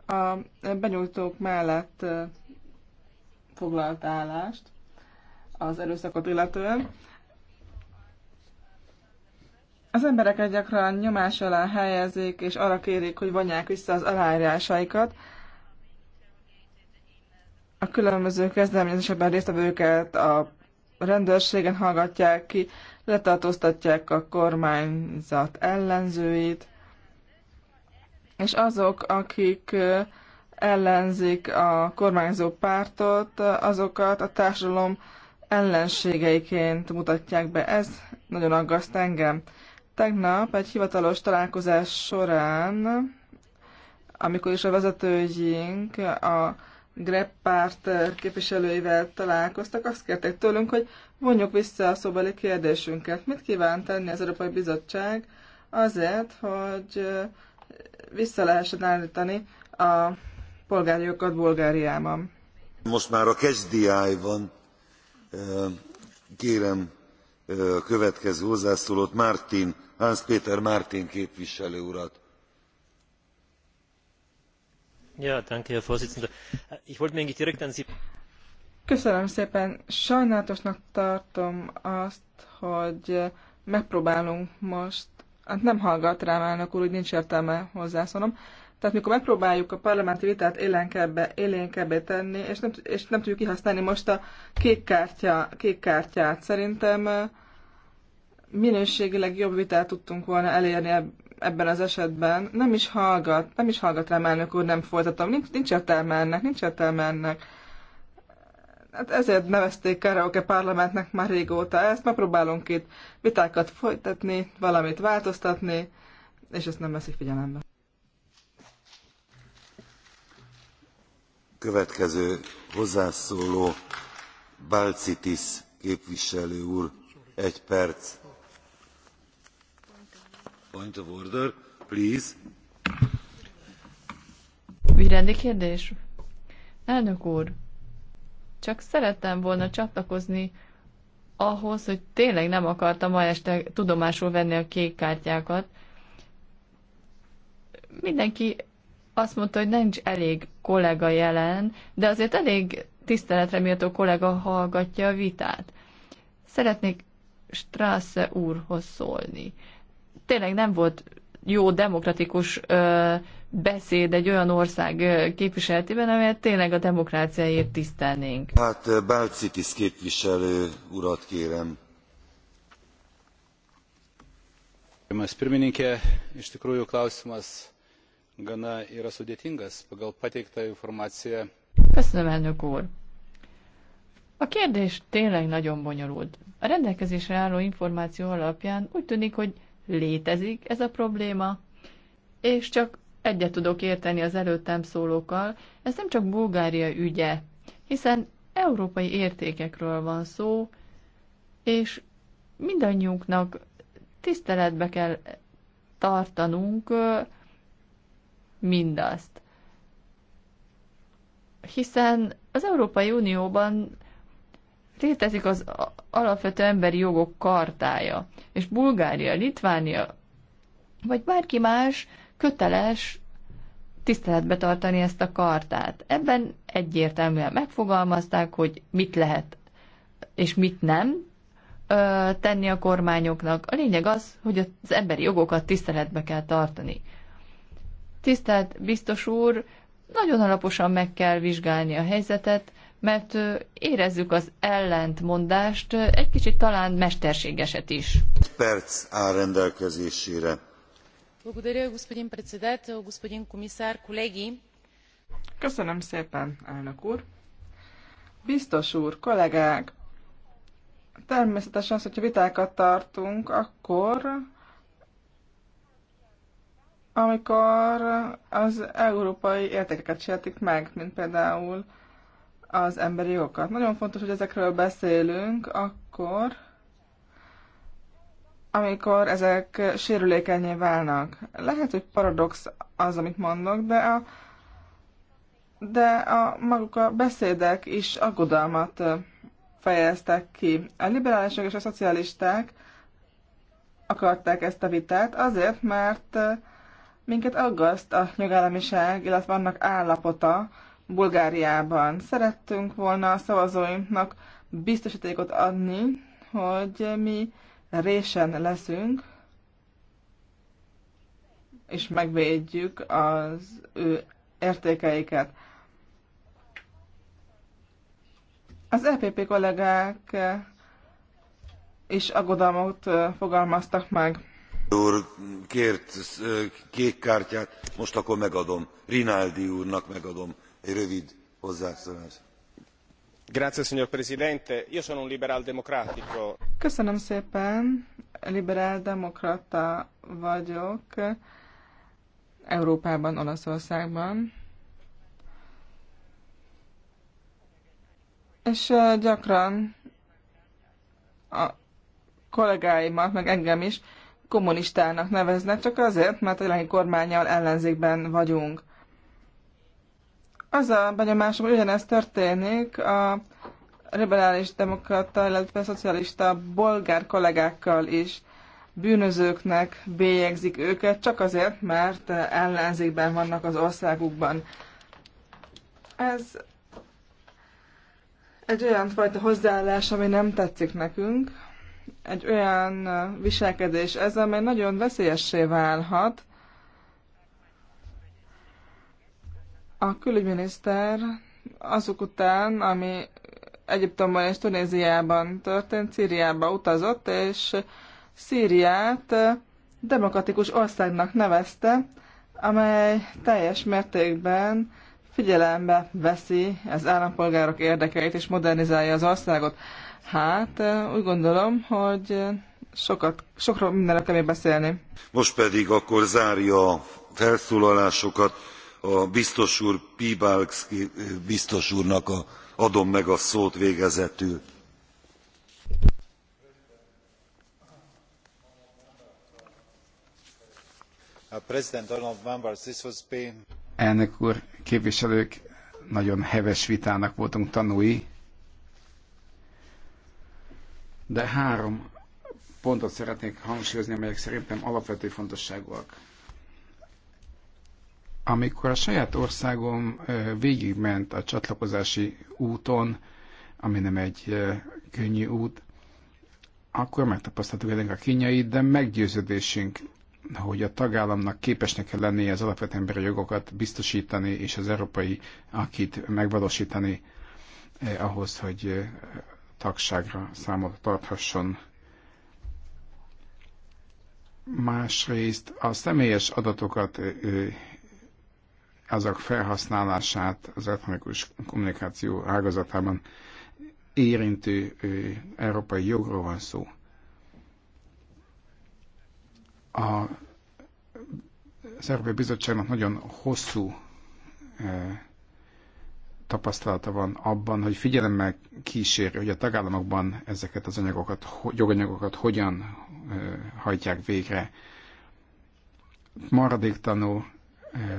Speaker 3: a benyújtók mellett foglalt állást az erőszakot illetően. Az embereket gyakran nyomás alá helyezik, és arra kérik, hogy vonják vissza az aláírásaikat. A különböző kezdeményezésekben résztvevőket a rendőrségen hallgatják ki, letartóztatják a kormányzat ellenzőit, és azok, akik ellenzik a kormányzó pártot, azokat a társadalom ellenségeiként mutatják be. Ez nagyon aggaszt engem. Tegnap egy hivatalos találkozás során, amikor is a vezetőjénk a Grepp párt képviselőivel találkoztak, azt kérték tőlünk, hogy vonjuk vissza a szóbeli kérdésünket. Mit kíván tenni az Európai Bizottság azért, hogy vissza lehessen állítani a polgárjogokat Bulgáriában.
Speaker 2: Most már a KSDI van. Kérem a következő hozzászólót, Martin, Hans Péter Martin képviselő urat. Ja, danke, Herr Vorsitzender. Äh, ich wollte mir eigentlich direkt an Sie...
Speaker 3: Köszönöm szépen. Sajnálatosnak tartom azt, hogy megpróbálunk most hát nem hallgat rám elnök úr, úgy nincs értelme hozzászólnom. Tehát mikor megpróbáljuk a parlamenti vitát élénkebbé, élénkebbé tenni, és nem, és nem tudjuk kihasználni most a kék, kártya, kék kártyát, szerintem minőségileg jobb vitát tudtunk volna elérni ebben az esetben. Nem is hallgat, nem is hallgat rám elnök úr, nem folytatom. Nincs, nincs értelme ennek, nincs értelme ennek hát ezért nevezték karaoke parlamentnek már régóta ezt, megpróbálunk itt vitákat folytatni, valamit változtatni, és ezt nem veszik figyelembe.
Speaker 2: Következő hozzászóló Balcitis képviselő úr, egy perc. Point of order, please.
Speaker 4: Ügyrendi kérdés? Elnök úr, csak szerettem volna csatlakozni ahhoz, hogy tényleg nem akarta ma este tudomásul venni a kék kártyákat. Mindenki azt mondta, hogy nincs elég kollega jelen, de azért elég tiszteletre méltó kollega hallgatja a vitát. Szeretnék Strasse úrhoz szólni. Tényleg nem volt jó demokratikus ö, beszéd egy olyan ország képviseletében, amelyet tényleg a demokráciáért tisztelnénk.
Speaker 2: Hát Bálcikis képviselő urat
Speaker 1: kérem. Gerbiamas pirmininkė, iš tikrųjų klausimas gana yra sudėtingas pagal pateiktą informaciją.
Speaker 4: Köszönöm, elnök úr. A kérdés tényleg nagyon bonyolult. A rendelkezésre álló információ alapján úgy tűnik, hogy létezik ez a probléma, és csak egyet tudok érteni az előttem szólókkal, ez nem csak Bulgária ügye, hiszen európai értékekről van szó, és mindannyiunknak tiszteletbe kell tartanunk mindazt. Hiszen az Európai Unióban létezik az alapvető emberi jogok kartája, és Bulgária, Litvánia, vagy bárki más köteles tiszteletbe tartani ezt a kartát. Ebben egyértelműen megfogalmazták, hogy mit lehet és mit nem ö, tenni a kormányoknak. A lényeg az, hogy az emberi jogokat tiszteletbe kell tartani. Tisztelt biztos úr, nagyon alaposan meg kell vizsgálni a helyzetet, mert érezzük az ellentmondást, egy kicsit talán mesterségeset is.
Speaker 2: Perc áll rendelkezésére
Speaker 4: господин председател,
Speaker 3: господин Köszönöm szépen, elnök úr. Biztos úr, kollégák, természetesen az, hogyha vitákat tartunk, akkor amikor az európai értékeket sértik meg, mint például az emberi jogokat. Nagyon fontos, hogy ezekről beszélünk, akkor, amikor ezek sérülékenyé válnak. Lehet, hogy paradox az, amit mondok, de a, de a maguk a beszédek is aggodalmat fejeztek ki. A liberálisok és a szocialisták akarták ezt a vitát azért, mert minket aggaszt a nyugállamiság, illetve annak állapota Bulgáriában. Szerettünk volna a szavazóinknak biztosítékot adni, hogy mi résen leszünk, és megvédjük az ő értékeiket. Az EPP kollégák is aggodalmat fogalmaztak meg.
Speaker 2: Úr kért kék kártyát, most akkor megadom. Rinaldi úrnak megadom
Speaker 1: egy rövid hozzászólást. Grazie, signor Presidente. Io sono un liberal democratico.
Speaker 3: Köszönöm szépen, liberál demokrata vagyok Európában, Olaszországban. És gyakran a kollégáimat, meg engem is kommunistának neveznek, csak azért, mert a jelenlegi kormányjal ellenzékben vagyunk. Az a benyomásom, hogy ugyanezt történik a liberális demokrata, illetve szocialista bolgár kollégákkal is bűnözőknek bélyegzik őket, csak azért, mert ellenzékben vannak az országukban. Ez egy olyan fajta hozzáállás, ami nem tetszik nekünk, egy olyan viselkedés ez, amely nagyon veszélyessé válhat. A külügyminiszter azok után, ami Egyiptomban és Tunéziában történt, Szíriába utazott, és Szíriát demokratikus országnak nevezte, amely teljes mértékben figyelembe veszi az állampolgárok érdekeit és modernizálja az országot. Hát úgy gondolom, hogy sokat, sokról mindenre kell még beszélni.
Speaker 2: Most pedig akkor zárja a felszólalásokat a biztos úr Pibalks eh, biztos úrnak a adom meg a szót végezetül.
Speaker 1: Elnök úr, képviselők, nagyon heves vitának voltunk tanúi, de három pontot szeretnék hangsúlyozni, amelyek szerintem alapvető fontosságúak. Amikor a saját országom végigment a csatlakozási úton, ami nem egy könnyű út, akkor megtapasztaltuk ennek a kínjait, de meggyőződésünk, hogy a tagállamnak képesnek kell lennie az alapvető emberi jogokat biztosítani, és az európai akit megvalósítani eh, ahhoz, hogy eh, tagságra számot tarthasson. Másrészt a személyes adatokat eh, azok felhasználását az elektronikus kommunikáció ágazatában érintő európai jogról van szó. A Európai Bizottságnak nagyon hosszú tapasztalata van abban, hogy figyelemmel kíséri, hogy a tagállamokban ezeket az anyagokat, joganyagokat hogyan hajtják végre. Maradéktanul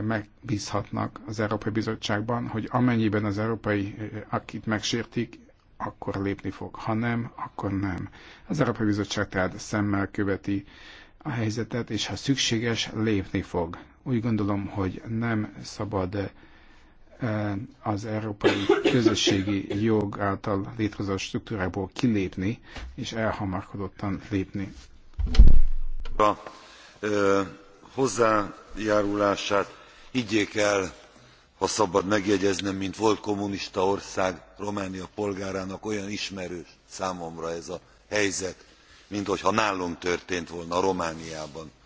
Speaker 1: megbízhatnak az Európai Bizottságban, hogy amennyiben az európai akit megsértik, akkor lépni fog. Ha nem, akkor nem. Az Európai Bizottság tehát szemmel követi a helyzetet, és ha szükséges, lépni fog. Úgy gondolom, hogy nem szabad eh, az európai közösségi jog által létrehozott struktúrából kilépni, és elhamarkodottan lépni.
Speaker 2: A, ö, hozzájárulását higgyék el ha szabad megjegyeznem mint volt kommunista ország románia polgárának olyan ismerős számomra ez a helyzet minthogyha nálunk történt volna romániában.